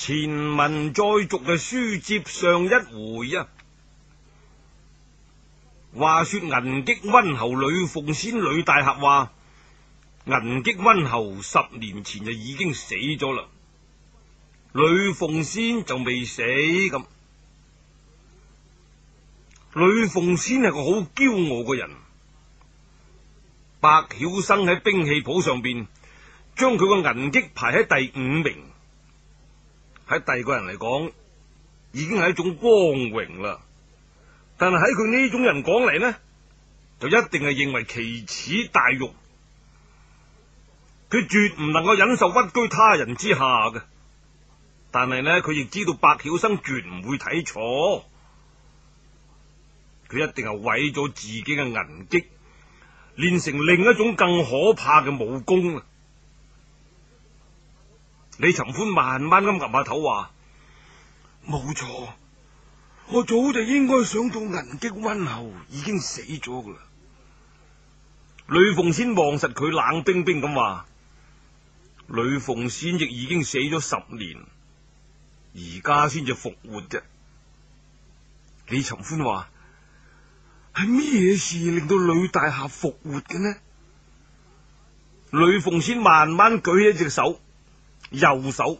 前文再續，就書接上一回啊。話說銀擊溫侯呂鳳仙、呂大俠話，銀擊溫侯十年前就已經死咗啦，呂鳳仙就未死咁。呂鳳仙係個好驕傲嘅人，白曉生喺兵器譜上邊將佢個銀擊排喺第五名。喺第二個人嚟講，已經係一種光榮啦。但係喺佢呢種人講嚟呢，就一定係認為奇恥大辱。佢絕唔能夠忍受屈居他人之下㗎。但係呢，佢亦知道白曉生絕唔會睇錯。佢一定係毀咗自己嘅銀戟，練成另一種更可怕嘅武功啊！李尋歡慢慢咁岌下頭話：冇錯，我早就應該想到銀戟溫侯已經死咗㗎喇。呂鳳先望實佢冷冰冰咁話：呂鳳先亦已經死咗十年，而家先至復活啫。李尋歡話：係咩事令到呂大俠復活嘅呢？呂鳳先慢慢舉起一隻手。右手，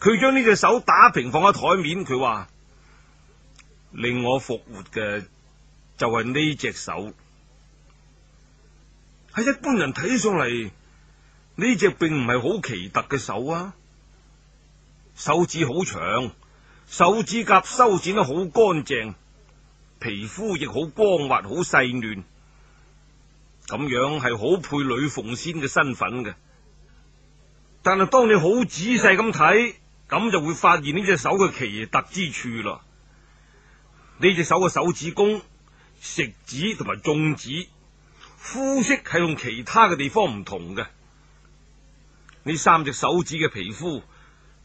佢將呢隻手打平放喺台面，佢話，令我復活嘅就係呢隻手。係一般人睇上嚟，呢隻並唔係好奇特嘅手啊！手指好長，手指甲修剪得好乾淨，皮膚亦好光滑，好細嫩，咁樣係好配女鳳仙嘅身份嘅。但係當你好仔細咁睇，咁就會發現呢隻手嘅奇特之處啦。呢隻手嘅手指公、食指同埋中指，膚色係同其他嘅地方唔同嘅。呢三隻手指嘅皮膚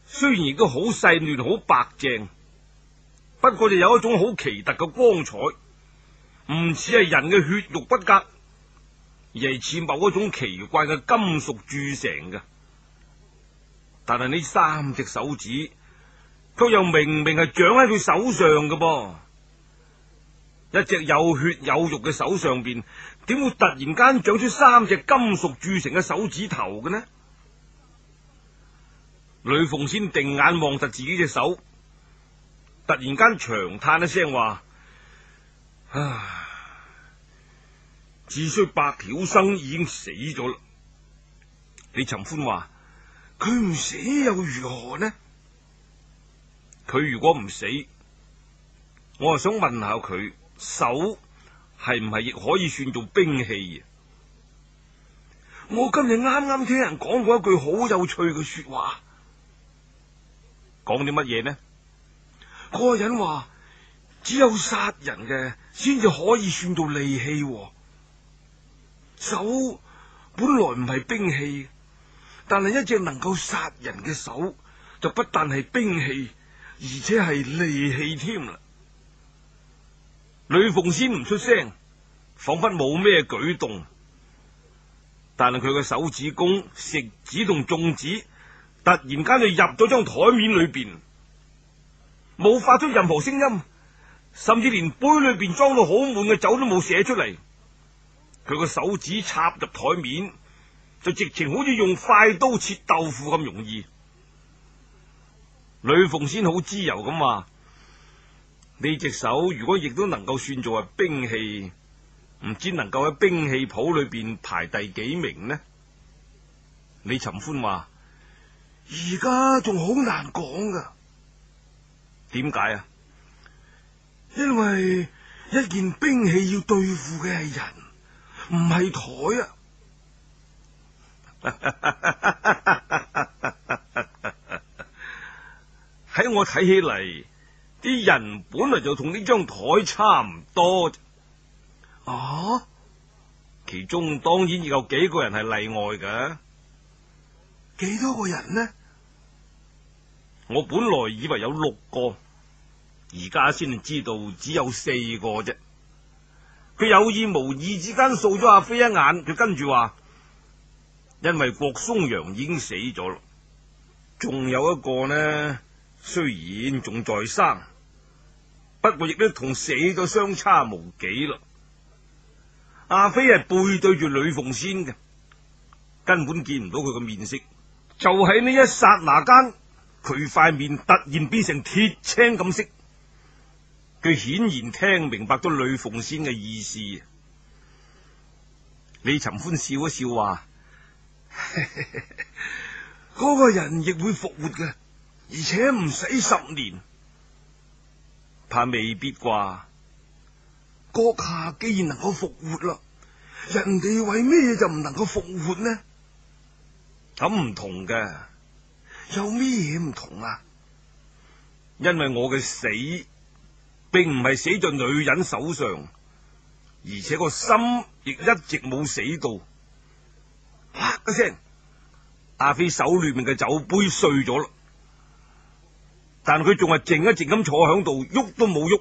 雖然亦都好細嫩、好白淨，不過就有一種好奇特嘅光彩，唔似係人嘅血肉不隔，而係似某一種奇怪嘅金屬鑄成嘅。但係呢三隻手指，卻又明明係長喺佢手上嘅噃，一隻有血有肉嘅手上邊，點會突然間長出三隻金屬鑄成嘅手指頭嘅呢？呂鳳先定眼望實自己隻手，突然間長嘆一聲話：啊只需百曉生已經死咗啦。李尋歡話。佢唔死又如何呢？佢如果唔死，我啊想問下佢手係唔係亦可以算做兵器？我今日啱啱聽人講過一句好有趣嘅說話，講啲乜嘢呢？𠮶 個人話只有殺人嘅先至可以算做利器。哦，手本來唔係兵器。但係一隻能夠殺人嘅手，就不但係兵器，而且係利器添啦。呂鳳先唔出聲，仿佛冇咩舉動。但係佢嘅手指公、食指同中指，突然間就入咗張台面裏邊，冇發出任何聲音，甚至連杯裏邊裝到好滿嘅酒都冇寫出嚟。佢個手指插入台面。就直情好似用快刀切豆腐咁容易。呂鳳先好自由咁話：呢隻手如果亦都能夠算做係兵器，唔知能夠喺兵器譜裏邊排第幾名呢？李尋歡話：而家仲好難講噶點解啊？因為一件兵器要對付嘅係人，唔係台啊。喺 我睇起嚟，啲人本來就同呢張台差唔多。啊，其中當然亦有幾個人係例外㗎，幾多個人呢？我本來以為有六個，而家先知道只有四個啫。佢有意無意之間掃咗阿飛一眼，佢跟住話。因為郭嵩陽已經死咗咯，仲有一個呢，雖然仲在生，不過亦都同死咗相差無幾咯。阿飛係背對住呂鳳仙嘅，根本見唔到佢嘅面色。就喺呢一剎那間，佢塊面突然變成鐵青咁色，佢顯然聽明白咗呂鳳仙嘅意思。李尋歡笑一笑話。嗰 個人亦會復活嘅，而且唔使十年，怕未必啩？閣下既然能夠復活啦，人哋為咩就唔能夠復活呢？咁唔同嘅，有咩嘢唔同啊？因為我嘅死，並唔係死在女人手上，而且個心亦一直冇死到。啪！個聲、啊，阿、啊、飛手裏面嘅酒杯碎咗啦，但佢仲係靜一靜咁坐喺度，喐都冇喐。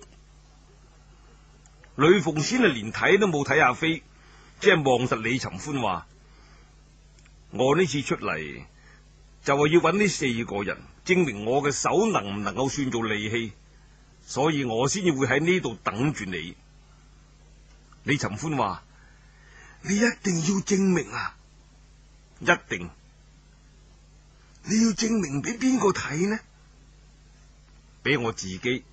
呂鳳先啊，連睇都冇睇阿飛，即係望實李尋歡話：我呢次出嚟就係要揾呢四個人，證明我嘅手能唔能夠算做利器，所以我先至會喺呢度等住你。李尋歡話：你一定要證明啊！一定，你要證明俾邊個睇呢？俾我自己，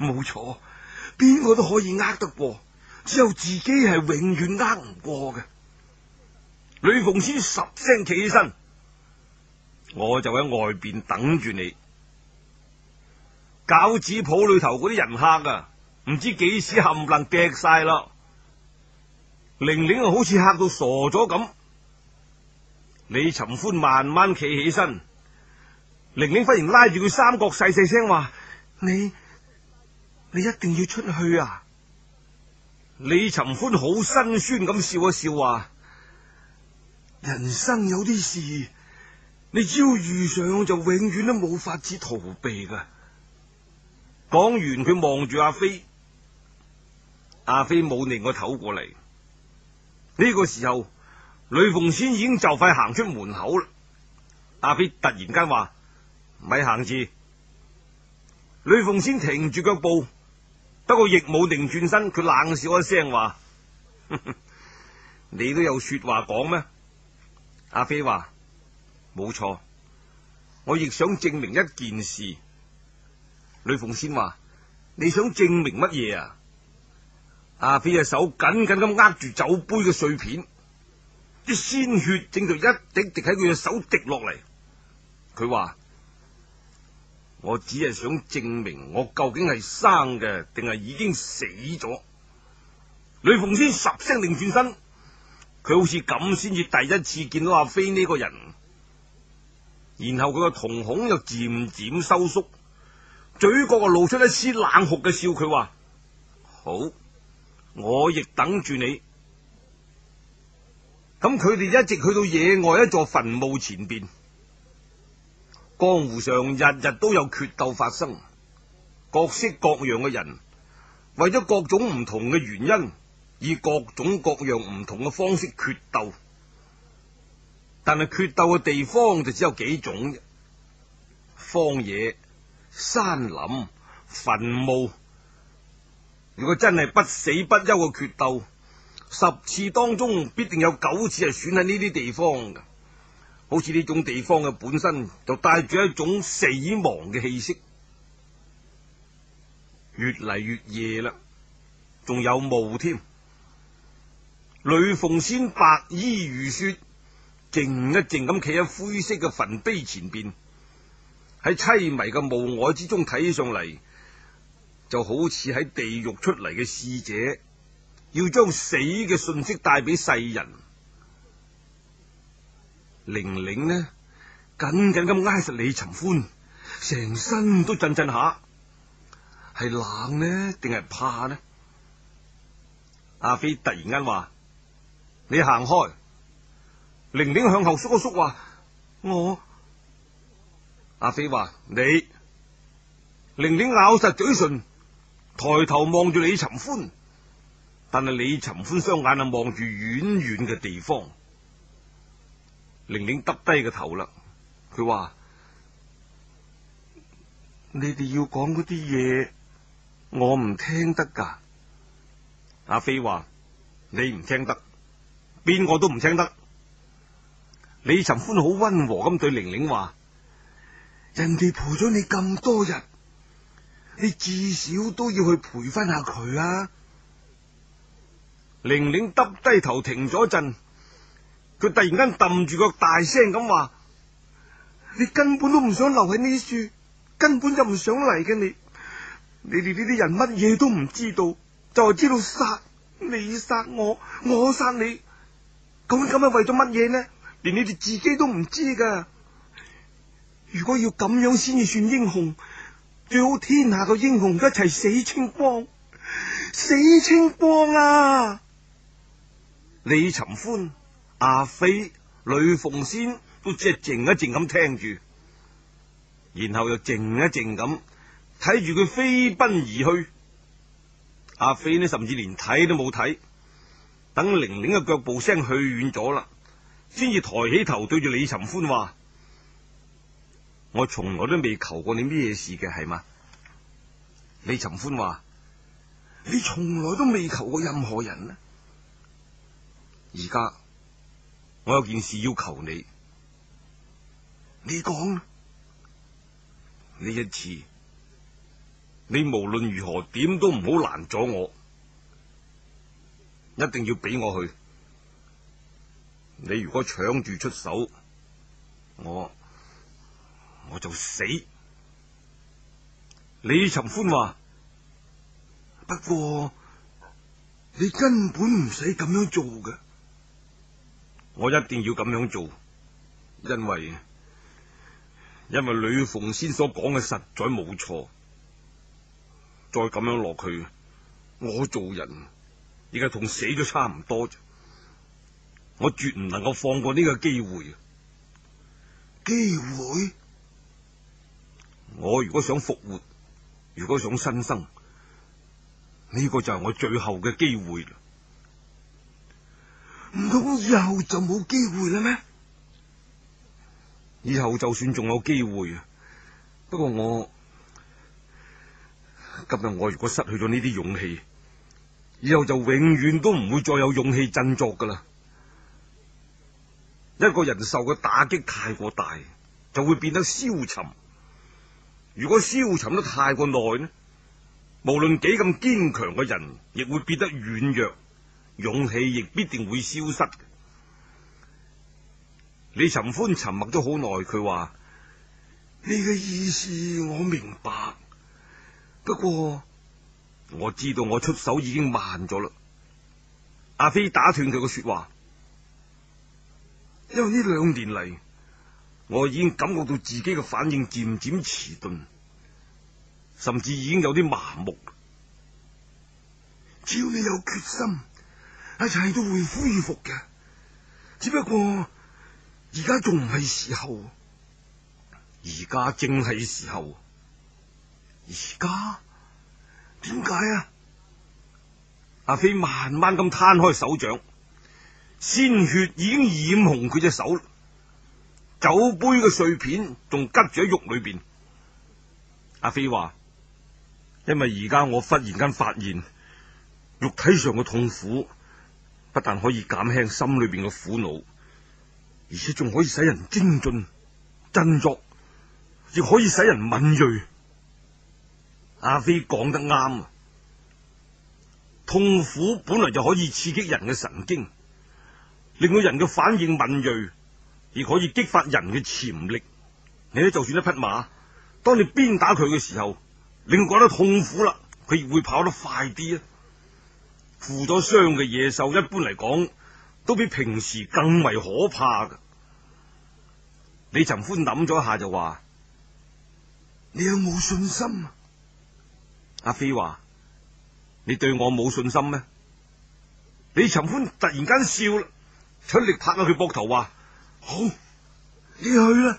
冇錯， 邊個都可以呃得過，只有自己係永遠呃唔過嘅。呂鳳先十聲企起身，我就喺外邊等住你。餃子鋪裏頭嗰啲人客啊，唔知幾時冚唪唥晒啦。玲玲啊，好似嚇到傻咗咁。李尋歡慢慢企起身，玲玲忽然拉住佢三角，細細聲話：你你一定要出去啊！李尋歡好辛酸咁笑一笑話：人生有啲事，你只要遇上就永遠都冇法子逃避噶。講完，佢望住阿飛，阿飛冇擰個頭過嚟。呢個時候，呂鳳仙已經就快行出門口啦。阿飛突然間話：咪行住！呂鳳仙停住腳步，不過亦冇擰轉身。佢冷笑一聲話：你都有說話講咩？阿飛話：冇錯，我亦想證明一件事。呂鳳仙話：你想證明乜嘢啊？阿飛隻手緊緊咁握住酒杯嘅碎片，啲鮮血正在一滴滴喺佢嘅手滴落嚟。佢話：我只係想證明我究竟係生嘅，定係已經死咗。呂鳳先十聲擰轉身，佢好似咁先至第一次見到阿飛呢個人。然後佢個瞳孔又漸漸收縮，嘴角啊露出一絲冷酷嘅笑。佢話：好。我亦等住你。咁佢哋一直去到野外一座墳墓前邊。江湖上日日都有決鬥發生，各式各樣嘅人為咗各種唔同嘅原因，以各種各樣唔同嘅方式決鬥。但係決鬥嘅地方就只有幾種：荒野、山林、墳墓。如果真係不死不休嘅決鬥，十次當中必定有九次係選喺呢啲地方嘅，好似呢種地方嘅本身就帶住一種死亡嘅氣息。越嚟越夜啦，仲有霧添。呂鳳先白衣如雪，靜一靜咁企喺灰色嘅墳碑前邊，喺淒迷嘅霧靄之中睇上嚟。就好似喺地獄出嚟嘅使者，要將死嘅信息帶俾世人。玲玲呢緊緊咁挨實李尋歡，成身都震震下，係冷呢定係怕呢？阿飛突然間話：你行開！玲玲向後縮一縮，話我。阿飛話你，玲玲咬實嘴唇。抬頭望住李尋歡，但係李尋歡雙眼啊望住遠遠嘅地方。玲玲耷低個頭啦，佢話：你哋要講啲嘢，我唔聽得噶。阿飛話：你唔聽得，邊個都唔聽得。李尋歡好溫和咁對玲玲話：人哋陪咗你咁多日。你至少都要去陪翻下佢啊！玲玲耷低頭停咗一陣，佢突然間揼住個大聲咁話：你根本都唔想留喺呢樹，根本就唔想嚟嘅你。你哋呢啲人乜嘢都唔知道，就係知道殺你殺我，我殺你。咁咁係為咗乜嘢呢？連你哋自己都唔知噶。如果要咁樣先至算英雄。最好天下嘅英雄一齊死清光，死清光啊！李尋歡、阿飛、呂鳳仙都只係靜一靜咁聽住，然後又靜一靜咁睇住佢飛奔而去。阿飛呢甚至連睇都冇睇，等玲玲嘅腳步聲去遠咗啦，先至抬起頭對住李尋歡話。我從來都未求過你咩事嘅，係嘛？李尋歡話：你從來都未求過任何人啦。而家我有件事要求你，你講，呢一次，你無論如何點都唔好攔阻我，一定要俾我去。你如果搶住出手，我。我就死。李尋歡話：不過你根本唔使咁樣做嘅。我一定要咁樣做，因為因為呂鳳先所講嘅實在冇錯。再咁樣落去，我做人而家同死咗差唔多啫。我絕唔能夠放過呢個機會。機會。我如果想復活，如果想新生，呢個就係我最後嘅機會啦。唔通以後就冇機會啦咩？以後就算仲有機會啊，不過我今日我如果失去咗呢啲勇氣，以後就永遠都唔會再有勇氣振作噶啦。一個人受嘅打擊太過大，就會變得消沉。如果消沉得太過耐呢，無論幾咁堅強嘅人，亦會變得軟弱，勇氣亦必定會消失。李尋歡沉默咗好耐，佢話：你嘅意思我明白，不過我知道我出手已經慢咗啦。阿飛打斷佢嘅說話，因為呢兩年嚟。我已經感覺到自己嘅反應漸漸遲鈍，甚至已經有啲麻木。只要你有決心，一切都會恢復嘅。只不過而家仲唔係時候，而家正係時候。而家點解啊？阿飛慢慢咁攤開手掌，鮮血已經染紅佢隻手。酒杯嘅碎片仲拮住喺肉裏邊。阿飛話：因為而家我忽然間發現，肉體上嘅痛苦不但可以減輕心裏邊嘅苦惱，而且仲可以使人精進、振作，亦可以使人敏銳。阿飛講得啱啊！痛苦本來就可以刺激人嘅神經，令到人嘅反應敏銳。而可以激發人嘅潛力，你呢，就算一匹馬，當你鞭打佢嘅時候，你會覺得痛苦啦，佢亦會跑得快啲。負咗傷嘅野獸一般嚟講，都比平時更為可怕嘅。李陳歡諗咗一下就話：你有冇信心啊？阿飛話：你對我冇信心咩？李陳歡突然間笑啦，出力拍下佢膊頭話。好，你去啦。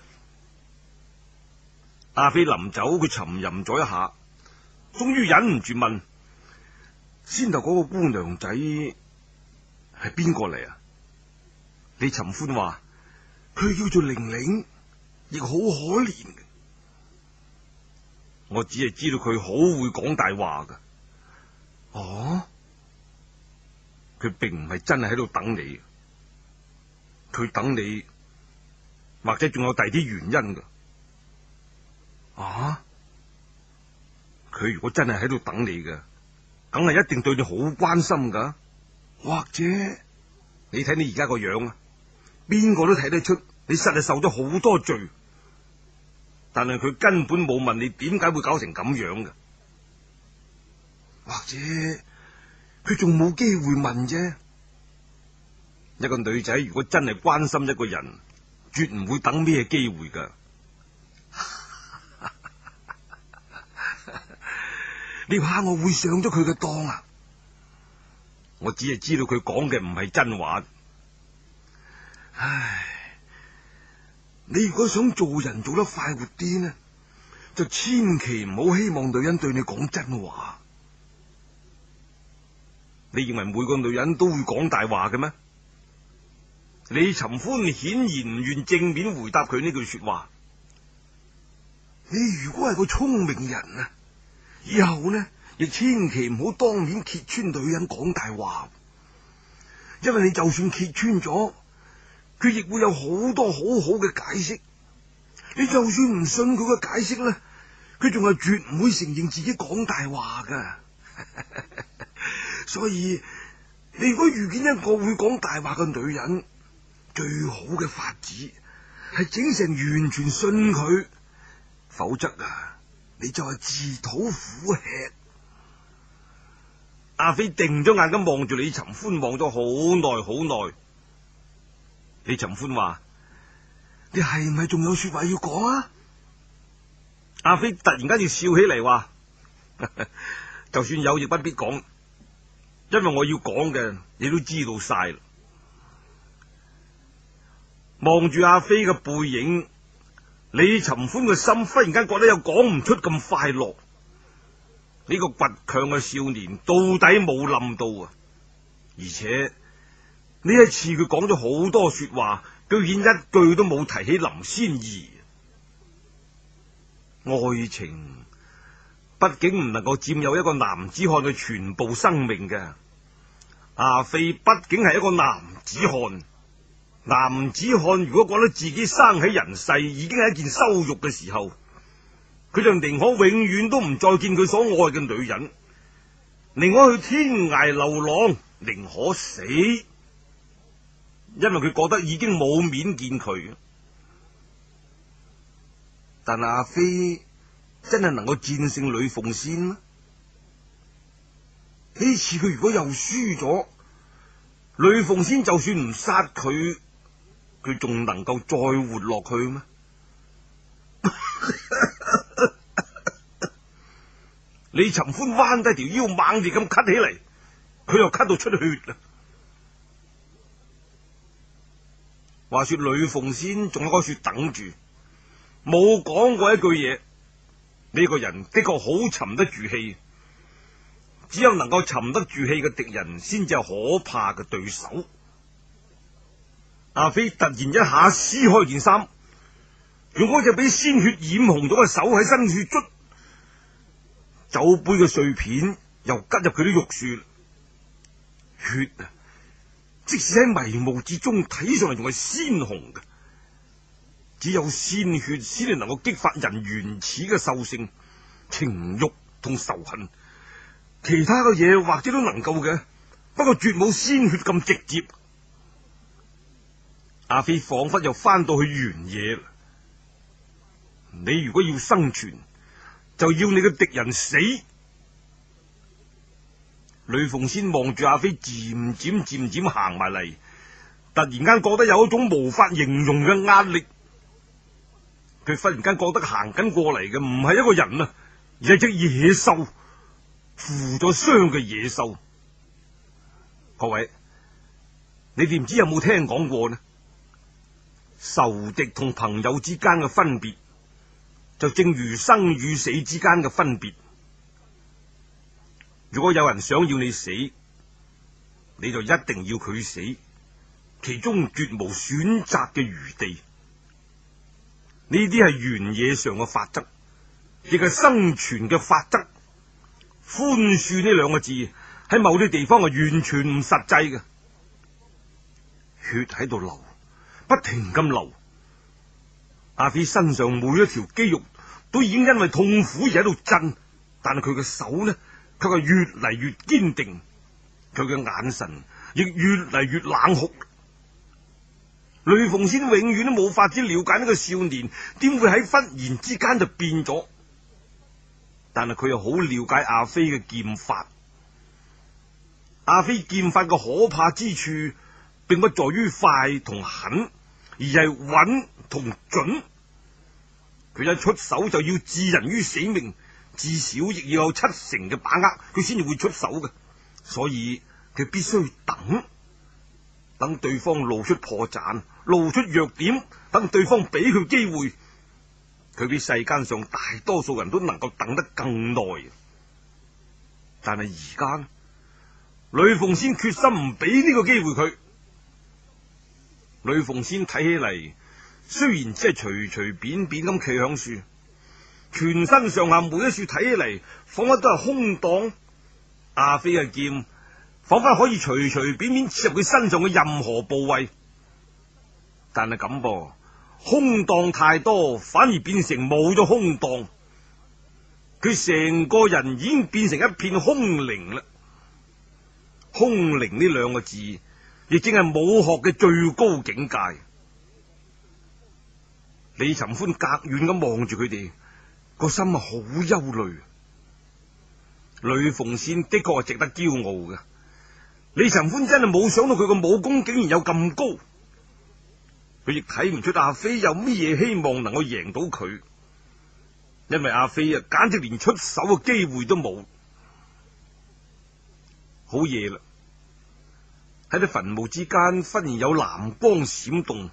阿飛臨走，佢沉吟咗一下，終於忍唔住問：先頭嗰個姑娘仔係邊個嚟啊？李尋歡話：佢叫做玲玲，亦好可憐嘅。我只係知道佢好會講大話噶。哦，佢並唔係真係喺度等你，佢等你。或者仲有第二啲原因噶，啊！佢如果真係喺度等你嘅，梗係一定對你好關心噶。或者你睇你而家個樣啊，邊個都睇得出你實係受咗好多罪。但係佢根本冇問你點解會搞成咁樣嘅，或者佢仲冇機會問啫。一個女仔如果真係關心一個人，絕唔會等咩機會噶， 你怕我會上咗佢嘅當啊？我只係知道佢講嘅唔係真話。唉，你如果想做人做得快活啲呢，就千祈唔好希望女人對你講真話。你認為每個女人都會講大話嘅咩？李尋歡顯然唔願正面回答佢呢句說話。你如果係個聰明人啊，以後呢亦千祈唔好當面揭穿女人講大話，因為你就算揭穿咗，佢亦會有好多好好嘅解釋。你就算唔信佢嘅解釋呢，佢仲係絕唔會承認自己講大話噶 所以你如果遇見一個會講大話嘅女人，最好嘅法子係整成完全信佢，否則啊你就係自討苦吃。阿飛定咗眼咁望住李尋歡，望咗好耐好耐。李尋歡話：你係咪仲有說話要講啊？阿飛突然間要笑起嚟話： 就算有，亦不必講，因為我要講嘅你都知道晒啦。望住阿飛嘅背影，李尋歡嘅心忽然間覺得又講唔出咁快樂。呢個倔強嘅少年到底冇冧到啊！而且呢一次佢講咗好多說話，居然一句都冇提起林仙兒。愛情畢竟唔能夠佔有一個男子漢嘅全部生命嘅。阿飛畢竟係一個男子漢。男子漢如果覺得自己生喺人世已經係一件羞辱嘅時候，佢就寧可永遠都唔再見佢所愛嘅女人，寧可去天涯流浪，寧可死，因為佢覺得已經冇面見佢。但阿飛真係能夠戰勝呂鳳先嗎？呢次佢如果又輸咗，呂鳳先就算唔殺佢。佢仲能夠再活落去咩？ 李尋歡彎低條腰，猛地咁咳起嚟，佢又咳到出血啦。 話說呂鳳仙仲喺嗰處等住，冇講過一句嘢。呢個人的確好沉得住氣，只有能夠沉得住氣嘅敵人，先至係可怕嘅對手。阿飛突然一下撕開件衫，用嗰隻俾鮮血染紅咗嘅手喺身處捽，酒杯嘅碎片又吉入佢啲肉雪，血啊！即使喺迷霧之中睇上嚟仲係鮮紅嘅，只有鮮血先係能夠激發人原始嘅獸性、情欲同仇恨，其他嘅嘢或者都能夠嘅，不過絕冇鮮血咁直接。阿飛仿佛又翻到去原野啦！你如果要生存，就要你嘅敵人死。呂鳳先望住阿飛，漸漸漸漸行埋嚟，突然間覺得有一種無法形容嘅壓力。佢忽然間覺得行緊過嚟嘅唔係一個人啊，而係隻野獸，負咗傷嘅野獸。各位，你哋唔知有冇聽講過呢？仇敵同朋友之間嘅分別，就正如生與死之間嘅分別。如果有人想要你死，你就一定要佢死，其中絕無選擇嘅餘地。呢啲係原野上嘅法則，亦係生存嘅法則。寬恕呢兩個字喺某啲地方係完全唔實際嘅。血喺度流。不停咁流，阿飛身上每一條肌肉都已經因為痛苦而喺度震，但係佢嘅手呢，卻係越嚟越堅定，佢嘅眼神亦越嚟越冷酷。呂鳳先永遠都冇法子了解呢個少年點會喺忽然之間就變咗，但係佢又好了解阿飛嘅劍法。阿飛劍法嘅可怕之處，並不在於快同狠。而係穩同準，佢一出手就要置人於死命，至少亦要有七成嘅把握，佢先至會出手嘅。所以佢必須等，等對方露出破綻、露出弱點，等對方俾佢機會。佢比世間上大多數人都能夠等得更耐，但係而家呂鳳先決心唔俾呢個機會佢。呂鳳先睇起嚟，雖然即係隨隨便便咁企喺樹，全身上下每一處睇起嚟，仿佛都係空檔。阿飛嘅劍，仿佛可以隨隨便便切入佢身上嘅任何部位。但係咁噃，空檔太多，反而變成冇咗空檔。佢成個人已經變成一片空靈啦。空靈呢兩個字。亦正係武學嘅最高境界。李尋歡隔遠咁望住佢哋，個心啊好憂慮。呂鳳仙的確係值得驕傲嘅。李尋歡真係冇想到佢個武功竟然有咁高，佢亦睇唔出阿飛有咩嘢希望能夠贏到佢，因為阿飛啊簡直連出手嘅機會都冇。好嘢啦。喺啲墳墓之間忽然有藍光閃動，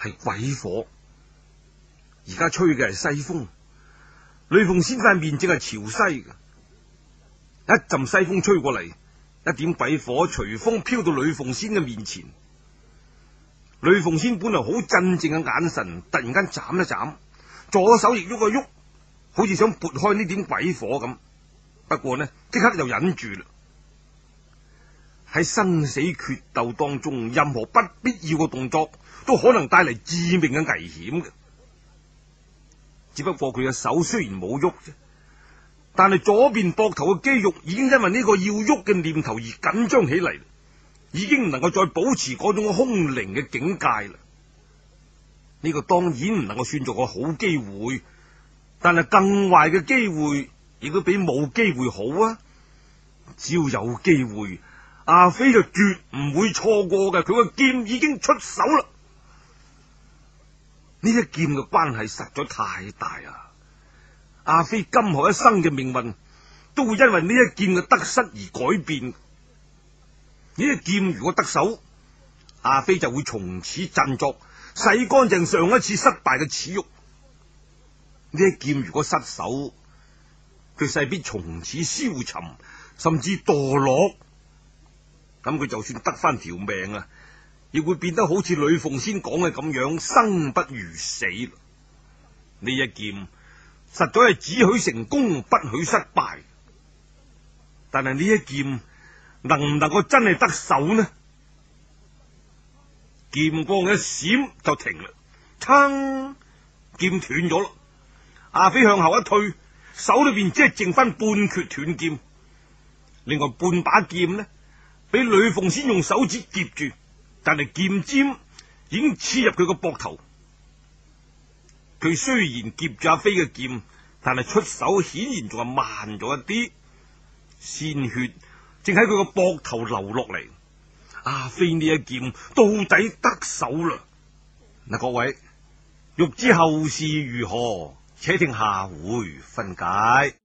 係鬼火。而家吹嘅係西風，呂鳳仙塊面正係朝西嘅，一陣西風吹過嚟，一點鬼火隨風飄到呂鳳仙嘅面前。呂鳳仙本來好鎮靜嘅眼神，突然間眨一眨，左手亦喐一喐，好似想撥開呢點鬼火咁。不過呢，即刻就忍住啦。喺生死決鬥當中，任何不必要嘅動作都可能帶嚟致命嘅危險嘅。只不過佢嘅手雖然冇喐啫，但係左邊膊頭嘅肌肉已經因為呢個要喐嘅念頭而緊張起嚟，已經唔能夠再保持嗰種空靈嘅境界啦。呢個當然唔能夠算作個好機會，但係更壞嘅機會亦都比冇機會好啊！只要有機會。阿飛就絕唔會錯過嘅，佢個劍已經出手啦。呢一劍嘅關係實在太大啊！阿飛今後一生嘅命運都會因為呢一劍嘅得失而改變。呢一劍如果得手，阿飛就會從此振作，洗乾淨上一次失敗嘅恥辱。呢一劍如果失手，佢勢必從此消沉，甚至墮落。咁佢就算得翻條命啊，亦會變得好似呂鳳先講嘅咁樣，生不如死。呢一劍實在係只許成功，不許失敗。但係呢一劍能唔能夠真係得手呢？劍光一閃就停啦，撐劍斷咗啦。阿飛向後一退，手裏邊只係剩翻半缺斷劍，另外半把劍呢？俾呂鳳仙用手指夾住，但係劍尖已經刺入佢個膊頭。佢雖然夾住阿飛嘅劍，但係出手顯然仲係慢咗一啲。鮮血正喺佢個膊頭流落嚟。阿飛呢一劍到底得手啦？嗱，各位欲知後事如何，且聽下回分解。